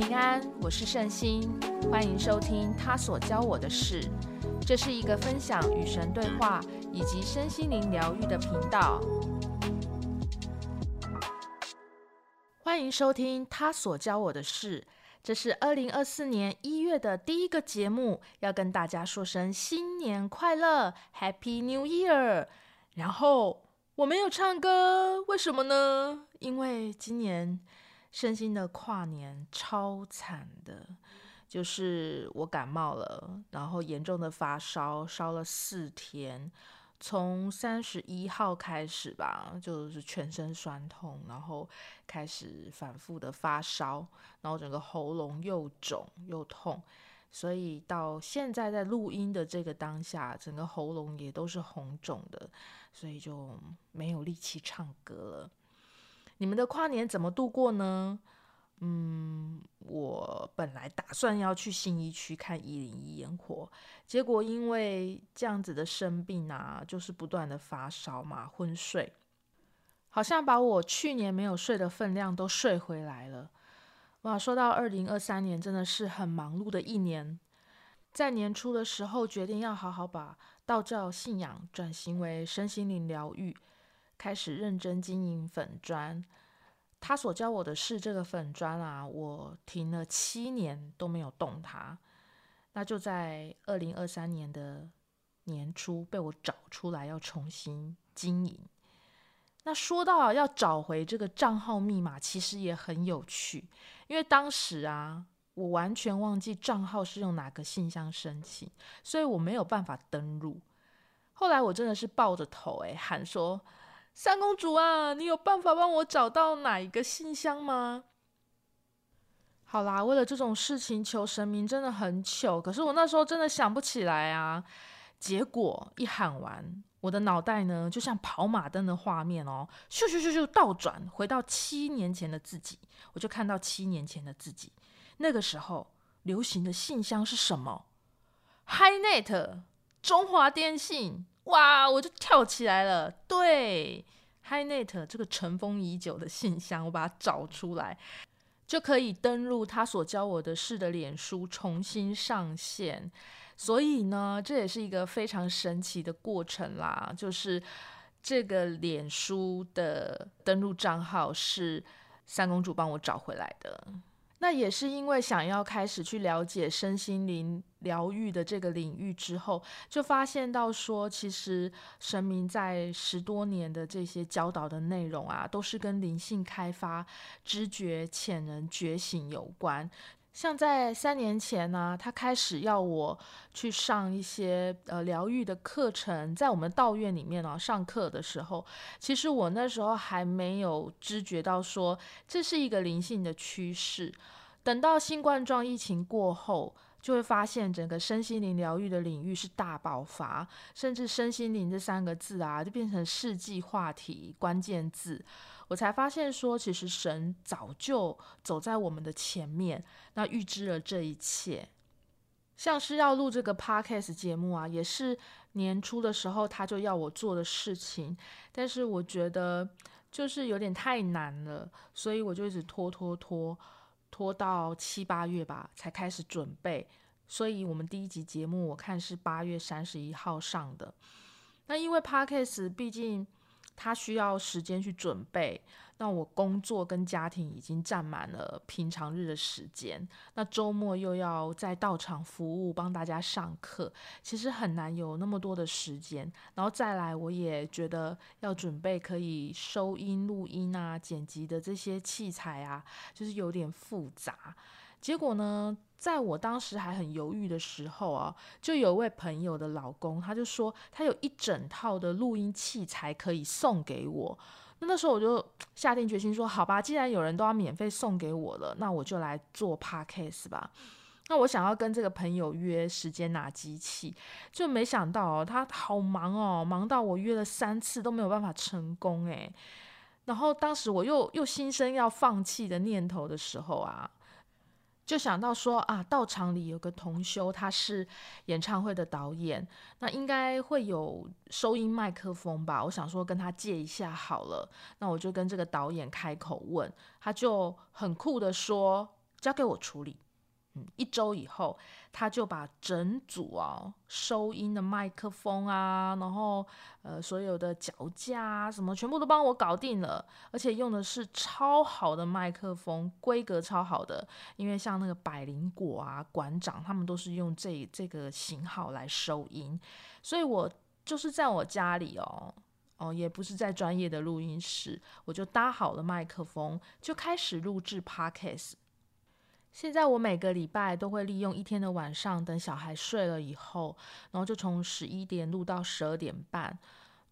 平安，我是聖心，歡迎收聽他所教我的事。這是一個分享與神對話以及身心靈療癒的頻道。歡迎收聽他所教我的事。這是二零二四年一月的第一個節目，要跟大家說聲新年快樂，Happy New Year！然後我沒有唱歌，為什麼呢？因為今年，聖心的跨年超慘的，就是我感冒了，然後嚴重的發燒，燒了四天，從三十一號開始吧，就是全身酸痛，然後開始反覆的發燒，然後整個喉嚨又腫又痛，所以到現在在錄音的這個當下，整個喉嚨也都是紅腫的，所以就沒有力氣唱歌了。你們的跨年怎麼度過呢？嗯，我本來打算要去信義區看一零一煙火，結果因為這樣子的生病啊，就是不斷的發燒嘛，昏睡，好像把我去年沒有睡的分量都睡回來了。哇，說到二零二三年，真的是很忙碌的一年，在年初的時候決定要好好把道教信仰轉型為身心靈療癒。開始認真經營粉專，祂所教我的事這個粉專啊，我停了七年都沒有動它。那就在二零二三年的年初被我找出來要重新經營。那說到要找回這個賬號密碼，其實也很有趣，因為當時啊，我完全忘記賬號是用哪個信箱申請，所以我沒有辦法登錄。後來我真的是抱着頭哎喊說三公主啊，你有辦法幫我找到哪一個信箱嗎？好啦，為了這種事情求神明真的很糗。可是我那時候真的想不起來啊。結果一喊完，我的腦袋呢就像跑馬燈的畫面哦，咻咻咻咻，倒轉回到七年前的自己，我就看到七年前的自己。那個時候流行的信箱是什麼？HiNet，中華電信。哇！我就跳起來了。對，HiNet 這個塵封已久的信箱，我把它找出來，就可以登錄他所教我的事的臉書重新上線。所以呢，這也是一個非常神奇的過程啦。就是這個臉書的登錄賬號是三公主幫我找回來的。那也是因為想要開始去了解身心靈療癒的這個領域之後，就發現到說，其實神明在十多年的這些教導的內容啊，都是跟靈性開發、知覺、潛能覺醒有關。像在三年前呢、啊，他開始要我去上一些呃療癒的課程，在我們道院裡面哦、啊，上課的時候，其實我那時候還沒有知覺到說這是一個靈性的趨勢。等到新冠狀疫情過後。就會發現整個身心靈療癒的領域是大爆發，甚至身心靈這三個字啊，就變成世紀話題、關鍵字。我才發現說，其實神早就走在我們的前面，那預知了這一切。像是要錄這個 podcast 節目啊，也是年初的時候他就要我做的事情，但是我覺得就是有點太難了，所以我就一直拖拖拖。拖到七八月吧，才開始準備，所以我們第一集節目我看是八月三十一號上的。那因為 Podcast 畢竟它需要時間去準備。那我工作跟家庭已經占滿了平常日的時間，那周末又要在道場服務幫大家上課，其實很難有那麼多的時間。然後再來，我也覺得要準備可以收音、錄音啊、剪輯的這些器材啊，就是有點複雜。結果呢，在我當時還很猶豫的時候啊，就有位朋友的老公，他就說他有一整套的錄音器材可以送給我。那時候我就下定決心說：“好吧，既然有人都要免費送給我了，那我就來做 podcast 吧。”那我想要跟這個朋友約時間拿機器，就沒想到，哦，他好忙哦，忙到我約了三次都沒有辦法成功哎。然後當時我又又心生要放棄的念頭的時候啊。就想到說啊，道場裡有個同修，他是演唱會的導演，那應該會有收音麥克風吧？我想說跟他借一下好了，那我就跟這個導演開口問，他就很酷地說，交給我處理。一週以後，他就把整組哦、啊、收音的麥克風啊，然後呃所有的腳架啊什麼全部都幫我搞定了，而且用的是超好的麥克風，規格超好的。因為像那個百靈果啊館長他們都是用這這個型號來收音，所以我就是在我家裡哦哦，也不是在專業的錄音室，我就搭好了麥克風，就開始錄製 Podcast。現在我每個禮拜都會利用一天的晚上，等小孩睡了以後，然後就從十一點錄到十二點半。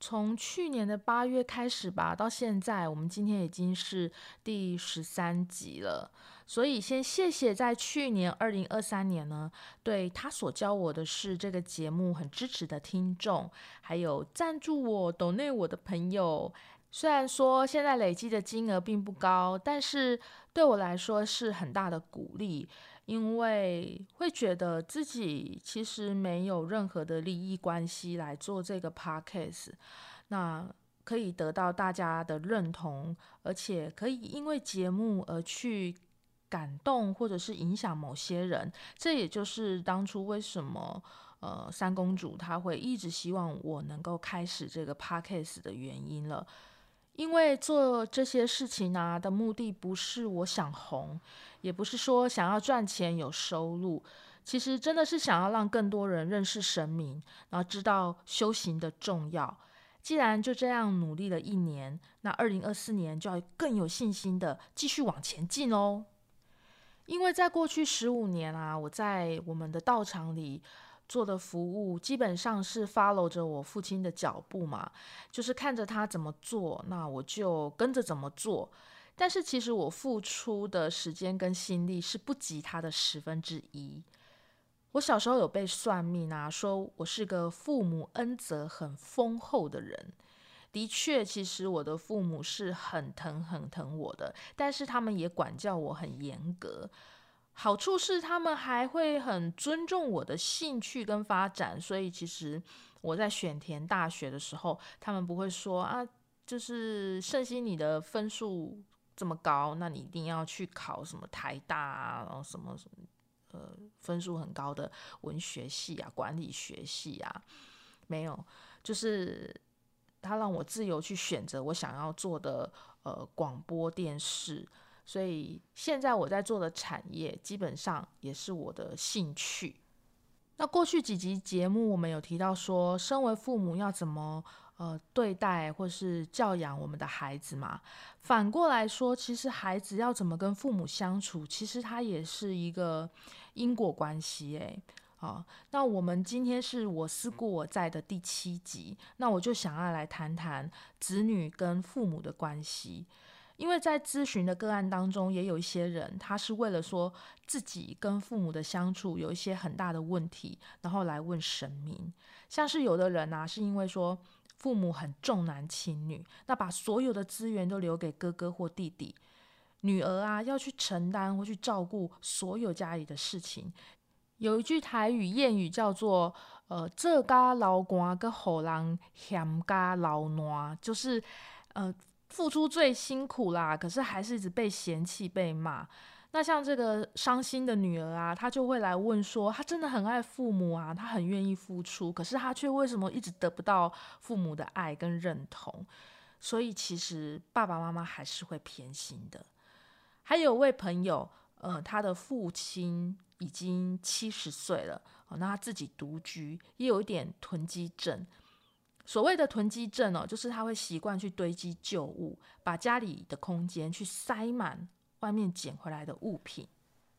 從去年的八月開始吧，到現在，我們今天已經是第十三集了。所以先謝謝在去年二零二三年呢，對他所教我的事這個節目很支持的聽眾，還有贊助我、抖內我的朋友。雖然說現在累積的金額並不高，但是對我來說是很大的鼓勵，因為會覺得自己其實沒有任何的利益關係來做這個 podcast，那可以得到大家的認同，而且可以因為節目而去感動或者是影響某些人，這也就是當初為什麼呃三公主她會一直希望我能夠開始這個 podcast 的原因了。因為做這些事情啊的目的不是我想紅，也不是說想要賺錢有收入，其實真的是想要讓更多人認識神明，然後知道修行的重要。既然就這樣努力了一年，那二零二四年就要更有信心地繼續往前進哦。因為在過去十五年啊，我在我們的道場裡。做的服務基本上是 follow 着我父親的腳步嘛，就是看着他怎麼做，那我就跟着怎麼做。但是其實我付出的時間跟心力是不及他的十分之一。我小時候有被算命啊，說我是個父母恩澤很豐厚的人。的確，其實我的父母是很疼很疼我的，但是他們也管教我很嚴格。好處是他們還會很尊重我的興趣跟發展，所以其實我在選填大學的時候，他們不會說啊，就是聖心你的分數這麼高，那你一定要去考什麼台大啊，然後什麼什麼呃分數很高的文學系啊、管理學系啊，沒有，就是他讓我自由去選擇我想要做的呃廣播電視。所以現在我在做的產業，基本上也是我的興趣。那過去幾集節目，我們有提到說，身為父母要怎麼呃對待或是教養我們的孩子嘛。反過來說，其實孩子要怎麼跟父母相處，其實它也是一個因果關係。誒，好，那我們今天是我思故我在的第七集，那我就想要來談談子女跟父母的關係。因為在諮詢的個案當中，也有一些人，他是為了說自己跟父母的相處有一些很大的問題，然後來問神明。像是有的人啊，是因為說父母很重男輕女，那把所有的資源都留給哥哥或弟弟，女兒啊要去承擔或去照顧所有家裡的事情。有一句台語諺語叫做：“呃，做甲流汗，予人嫌甲流瀾。”就是呃。付出最辛苦啦，可是還是一直被嫌棄、被罵。那像這個傷心的女兒啊，她就會來問說：“她真的很愛父母啊，她很願意付出，可是她卻為什麼一直得不到父母的愛跟認同？”所以其實爸爸媽媽還是會偏心的。還有位朋友，呃，他的父親已經七十歲了，呃，那他自己獨居，也有一點囤積症。所謂的囤積症哦，就是他會習慣去堆積舊物，把家裡的空間去塞滿外面撿回來的物品。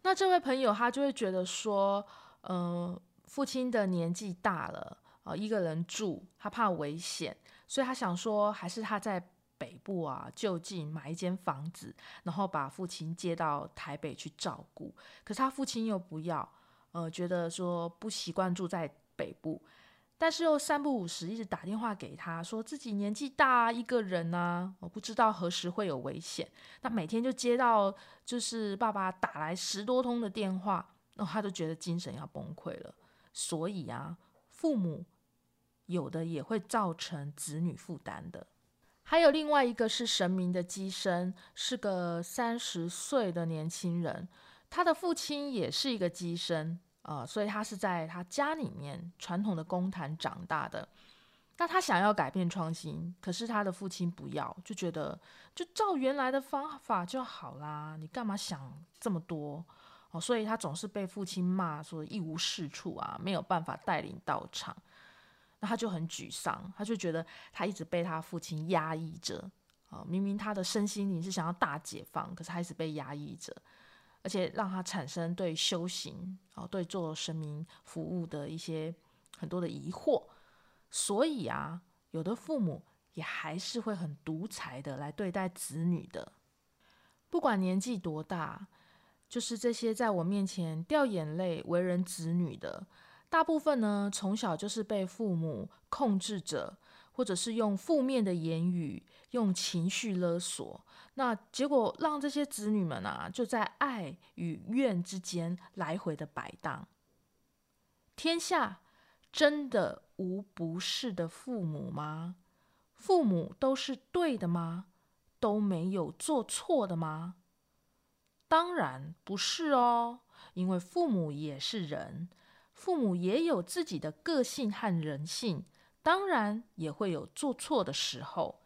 那這位朋友他就會覺得說，嗯，呃，父親的年紀大了，呃，一個人住他怕危險，所以他想說，還是他在北部啊，就近買一間房子，然後把父親接到台北去照顧。可是他父親又不要，呃，覺得說不習慣住在北部。但是又三不五時一直打電話給他說，自己年紀大一個人啊，我不知道何時會有危險。那每天就接到就是爸爸打來十多通的電話，然後，哦，他就覺得精神要崩潰了。所以啊，父母有的也會造成子女負擔的。還有另外一個是神明的乩身，是個三十歲的年輕人，他的父親也是一個乩身。呃、所以他是在他家裡面傳統的公壇長大的。那他想要改變創新，可是他的父親不要，就覺得就照原來的方法就好啦，你幹嘛想這麼多？哦、呃，所以他總是被父親罵說一無是處啊，沒有辦法帶領道場。那他就很沮喪，他就覺得他一直被他父親壓抑着啊、呃，明明他的身心靈是想要大解放，可是他一直被壓抑着。而且讓他產生對修行、哦，對做神明服務的一些很多的疑惑，所以啊，有的父母也還是會很獨裁的來對待子女的，不管年紀多大，就是這些在我面前掉眼淚為人子女的，大部分呢，從小就是被父母控制着。或者是用負面的言語，用情緒勒索，那結果讓這些子女們啊，就在愛與怨之間來回的擺盪。天下真的無不是的父母嗎？父母都是對的嗎？都沒有做錯的嗎？當然不是哦，因為父母也是人，父母也有自己的個性和人性。當然也會有做錯的時候，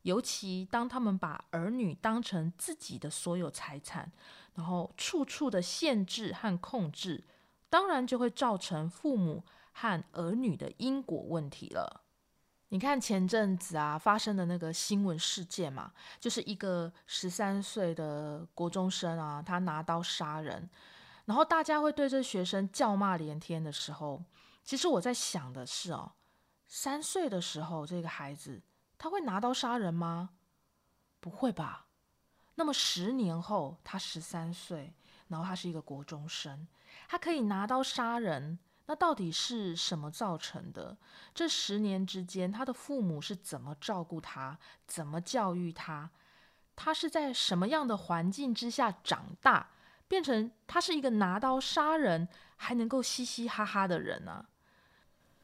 尤其當他們把兒女當成自己的所有財產，然後處處的限制和控制，當然就會造成父母和兒女的因果問題了。你看前陣子啊，發生的那個新聞事件嘛，就是一個十三歲的國中生啊，他拿刀殺人，然後大家會對這學生叫罵連天的時候，其實我在想的是哦。三歲的時候，這個孩子他會拿刀殺人嗎？不會吧。那麼十年後，他十三歲，然後他是一個國中生，他可以拿刀殺人，那到底是什麼造成的？這十年之間，他的父母是怎麼照顧他，怎麼教育他？他是在什麼樣的環境之下長大，變成他是一個拿刀殺人還能夠嘻嘻哈哈的人呢、啊？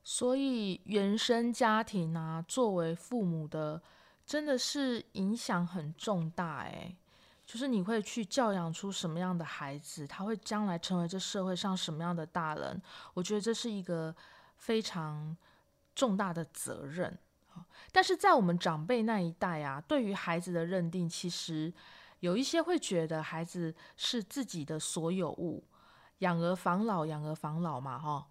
所以原生家庭啊，作為父母的，真的是影響很重大哎。就是你會去教養出什麼樣的孩子，他會將來成為這社會上什麼樣的大人？我覺得這是一個非常重大的責任。但是在我們長輩那一代啊，對於孩子的認定，其實有一些會覺得孩子是自己的所有物，養兒防老，養兒防老嘛，哈、哦。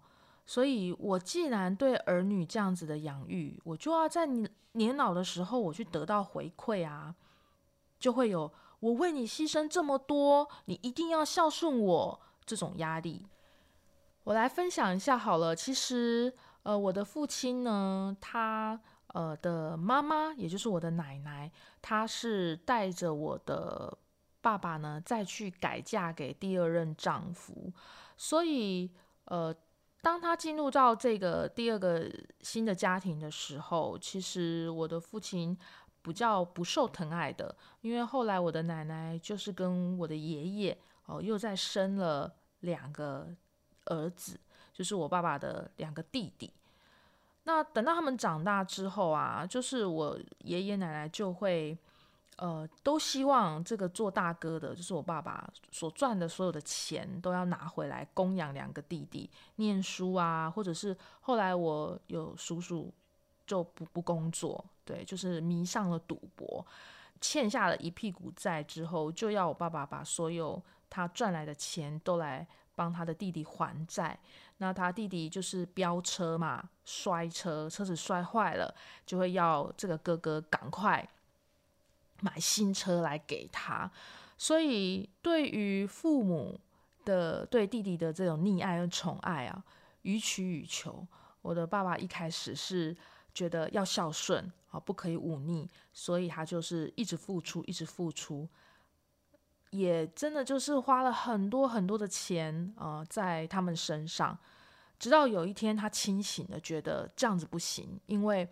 所以，我既然對兒女這樣子的養育，我就要在年老的時候，我去得到回饋啊，就會有我為你犧牲這麼多，你一定要孝順我這種壓力。我來分享一下好了，其實，呃，我的父親呢，他呃的媽媽，也就是我的奶奶，她是帶着我的爸爸呢，再去改嫁給第二任丈夫，所以，呃。當他進入到這個第二個新的家庭的時候，其實我的父親比較不受疼愛的，因為後來我的奶奶就是跟我的爺爺哦又再生了兩個兒子，就是我爸爸的兩個弟弟。那等到他們長大之後啊，就是我爺爺奶奶就會。呃，都希望這個做大哥的，就是我爸爸所賺的所有的錢，都要拿回來供養兩個弟弟念書啊，或者是後來我有叔叔就不不工作，對，就是迷上了賭博，欠下了一屁股債之後，就要我爸爸把所有他賺來的錢都來幫他的弟弟還債。那他弟弟就是飆車嘛，摔車，車子摔壞了，就會要這個哥哥趕快。買新車來給他，所以對於父母的對弟弟的這種溺愛和寵愛啊，予取予求。我的爸爸一開始是覺得要孝順啊，不可以忤逆，所以他就是一直付出，一直付出，也真的就是花了很多很多的錢啊、呃，在他們身上。直到有一天，他清醒的覺得這樣子不行，因為。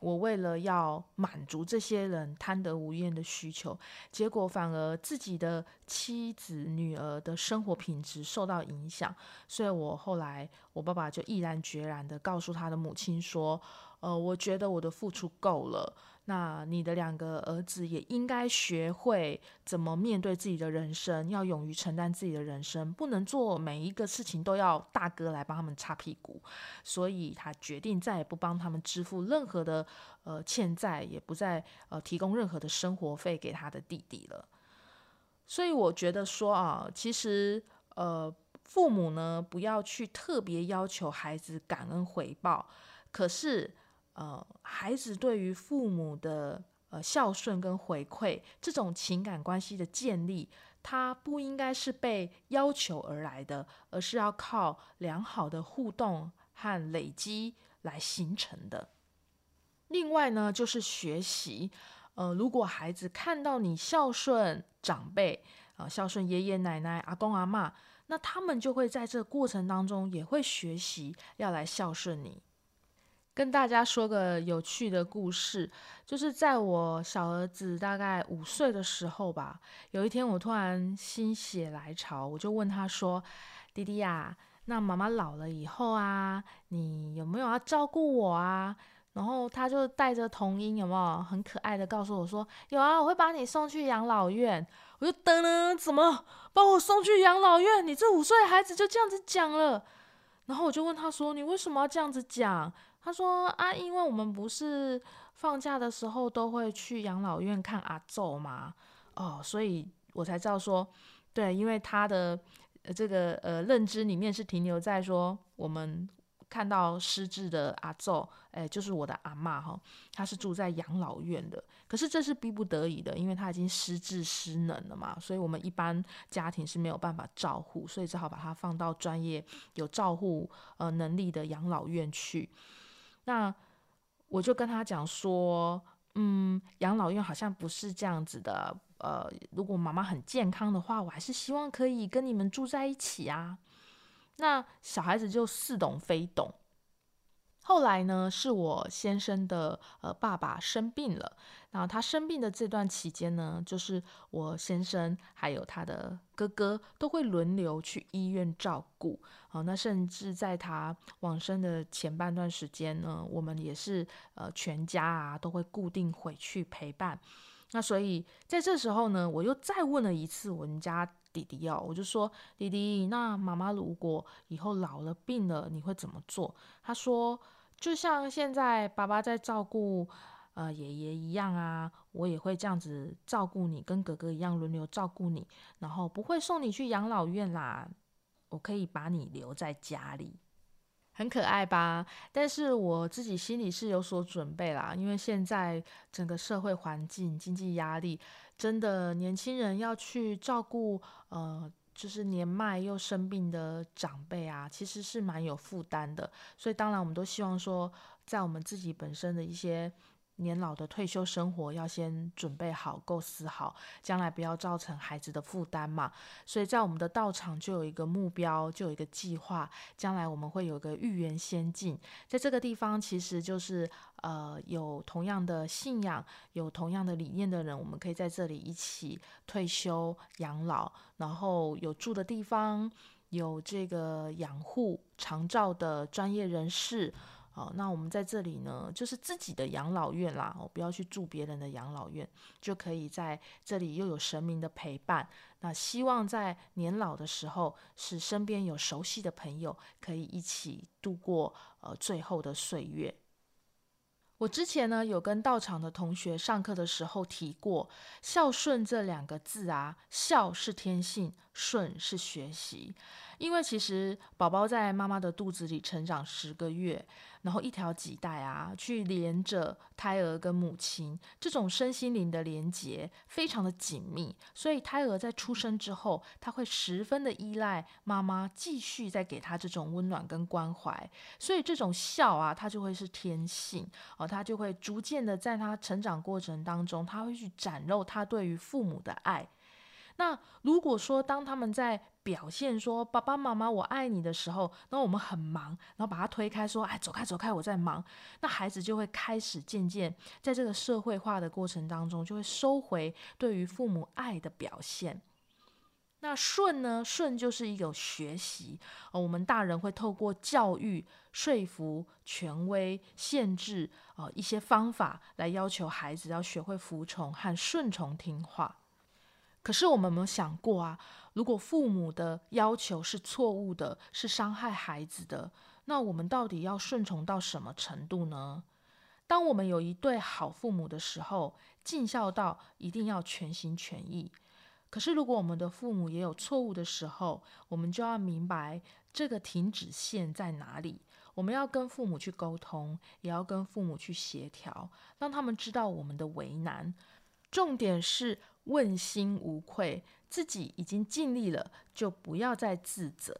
我為了要滿足這些人貪得無厭的需求，結果反而自己的妻子、女兒的生活品質受到影響。所以，我後來我爸爸就毅然決然的告訴他的母親說：“呃，我覺得我的付出夠了。”那你的兩個兒子也應該學會怎麼面對自己的人生，要勇於承擔自己的人生，不能做每一個事情都要大哥來幫他們擦屁股。所以他決定再也不幫他們支付任何的呃欠債，也不再呃提供任何的生活費給他的弟弟了。所以我覺得說啊，其實呃父母呢，不要去特別要求孩子感恩回報，可是，呃，孩子對於父母的呃孝順跟回饋這種情感關係的建立，它不應該是被要求而來的，而是要靠良好的互動和累積來形成的。另外呢，就是學習。呃，如果孩子看到你孝順長輩，啊、呃，孝順爺爺奶奶、阿公阿嬤，那他們就會在這過程當中也會學習要來孝順你。跟大家說個有趣的故事，就是在我小兒子大概五歲的時候吧，有一天我突然心血來潮，我就問他說：“弟弟呀、啊，那媽媽老了以後啊，你有沒有要照顧我啊？”然後他就帶着童音，有沒有很可愛的告訴我說：“有啊，我會把你送去養老院。”我就等等、呃呃，怎麼把我送去養老院？你這五歲的孩子就這樣子講了。然後我就問他說：“你為什麼要這樣子講？”他說啊，因為我們不是放假的時候都會去養老院看阿祖嘛？哦，所以我才知道說，對，因為他的這個呃認知裡面是停留在說，我們看到失智的阿祖誒、欸，就是我的阿嬤哈，他是住在養老院的。可是這是逼不得已的，因為他已經失智失能了嘛，所以我們一般家庭是沒有辦法照護，所以只好把他放到專業有照護呃能力的養老院去。那我就跟他講說，嗯，養老院好像不是這樣子的，呃，如果媽媽很健康的話，我還是希望可以跟你們住在一起啊。那小孩子就似懂非懂。後來呢，是我先生的呃爸爸生病了，那他生病的這段期間呢，就是我先生還有他的哥哥都會輪流去醫院照顧。好、呃，那甚至在他往生的前半段時間呢，我們也是呃全家啊都會固定回去陪伴。那所以在這時候呢，我又再問了一次我們家弟弟要、哦、我就說弟弟，那媽媽如果以後老了病了，你會怎麼做？他說，就像現在爸爸在照顧呃爺爺一樣啊，我也會這樣子照顧你，跟哥哥一樣輪流照顧你，然後不會送你去養老院啦，我可以把你留在家裡，很可愛吧？但是我自己心裡是有所準備啦，因為現在整個社會環境、經濟壓力，真的年輕人要去照顧呃。就是年邁又生病的長輩啊，其實是蠻有負擔的。所以當然我們都希望說，在我們自己本身的一些。年老的退休生活要先準備好，構思好，將來不要造成孩子的負擔嘛。所以在我們的道場就有一個目標，就有一個計劃，將來我們會有一個預園先進，在這個地方，其實就是呃有同樣的信仰、有同樣的理念的人，我們可以在這裡一起退休養老，然後有住的地方，有這個養護、長照的專業人士。哦，那我們在這裡呢，就是自己的養老院啦，不要去住別人的養老院，就可以在這裡又有神明的陪伴。那希望在年老的時候，使身邊有熟悉的朋友可以一起度過呃最後的歲月。我之前呢有跟道場的同學上課的時候提過，孝順這兩個字啊，孝是天性，順是學習。因為其實寶寶在媽媽的肚子裡成長十個月，然後一條臍帶啊，去連着胎兒跟母親，這種身心靈的連結非常的緊密，所以胎兒在出生之後，他會十分的依賴媽媽，繼續在給他這種溫暖跟關懷，所以這種孝啊，他就會是天性，哦，他就會逐漸的在他成長過程當中，他會去展露他對於父母的愛。那如果說當他們在表現說“爸爸媽媽，我愛你”的時候，那我們很忙，然後把他推開，說“哎，走開，走開，我在忙”，那孩子就會開始漸漸在這個社會化的過程當中，就會收回對於父母愛的表現。那順呢？順就是一個學習。呃，我們大人會透過教育、說服、權威、限制呃一些方法來要求孩子要學會服從和順從聽話。可是我們有沒有想過啊？如果父母的要求是錯誤的，是傷害孩子的，那我們到底要順從到什麼程度呢？當我們有一對好父母的時候，盡孝道一定要全心全意。可是如果我們的父母也有錯誤的時候，我們就要明白這個停止線在哪裡。我們要跟父母去溝通，也要跟父母去協調，讓他們知道我們的為難。重點是，問心無愧，自己已經盡力了，就不要再自責。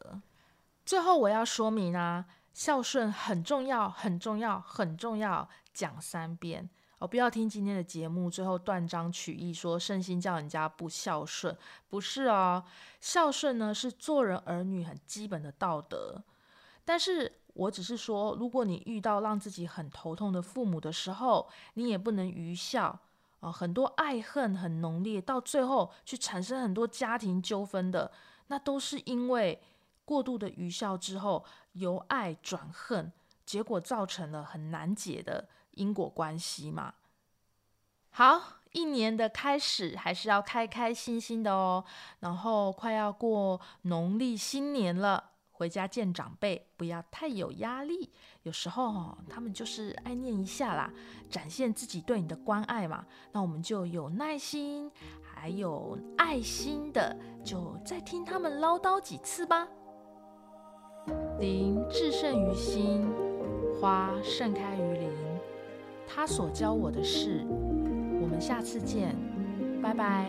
最後我要說明啊，孝順很重要，很重要，很重要，講三遍哦！不要聽今天的節目最後斷章取義說聖心教人家不孝順，不是啊、哦，孝順呢是做人兒女很基本的道德。但是我只是說，如果你遇到讓自己很頭痛的父母的時候，你也不能愚孝。哦，很多愛恨很濃烈，到最後去產生很多家庭糾紛的，那都是因為過度的愚孝之後，由愛轉恨，結果造成了很難解的因果關係嘛。好，一年的開始還是要開開心心的哦，然後快要過農曆新年了。回家見長輩不要太有壓力，有時候他們就是愛念一下啦，展現自己對你的關愛嘛。那我們就有耐心，還有愛心的，就再聽他們嘮叨幾次吧。林至勝於心，花盛開於林。祂所教我的事，我們下次見，拜拜。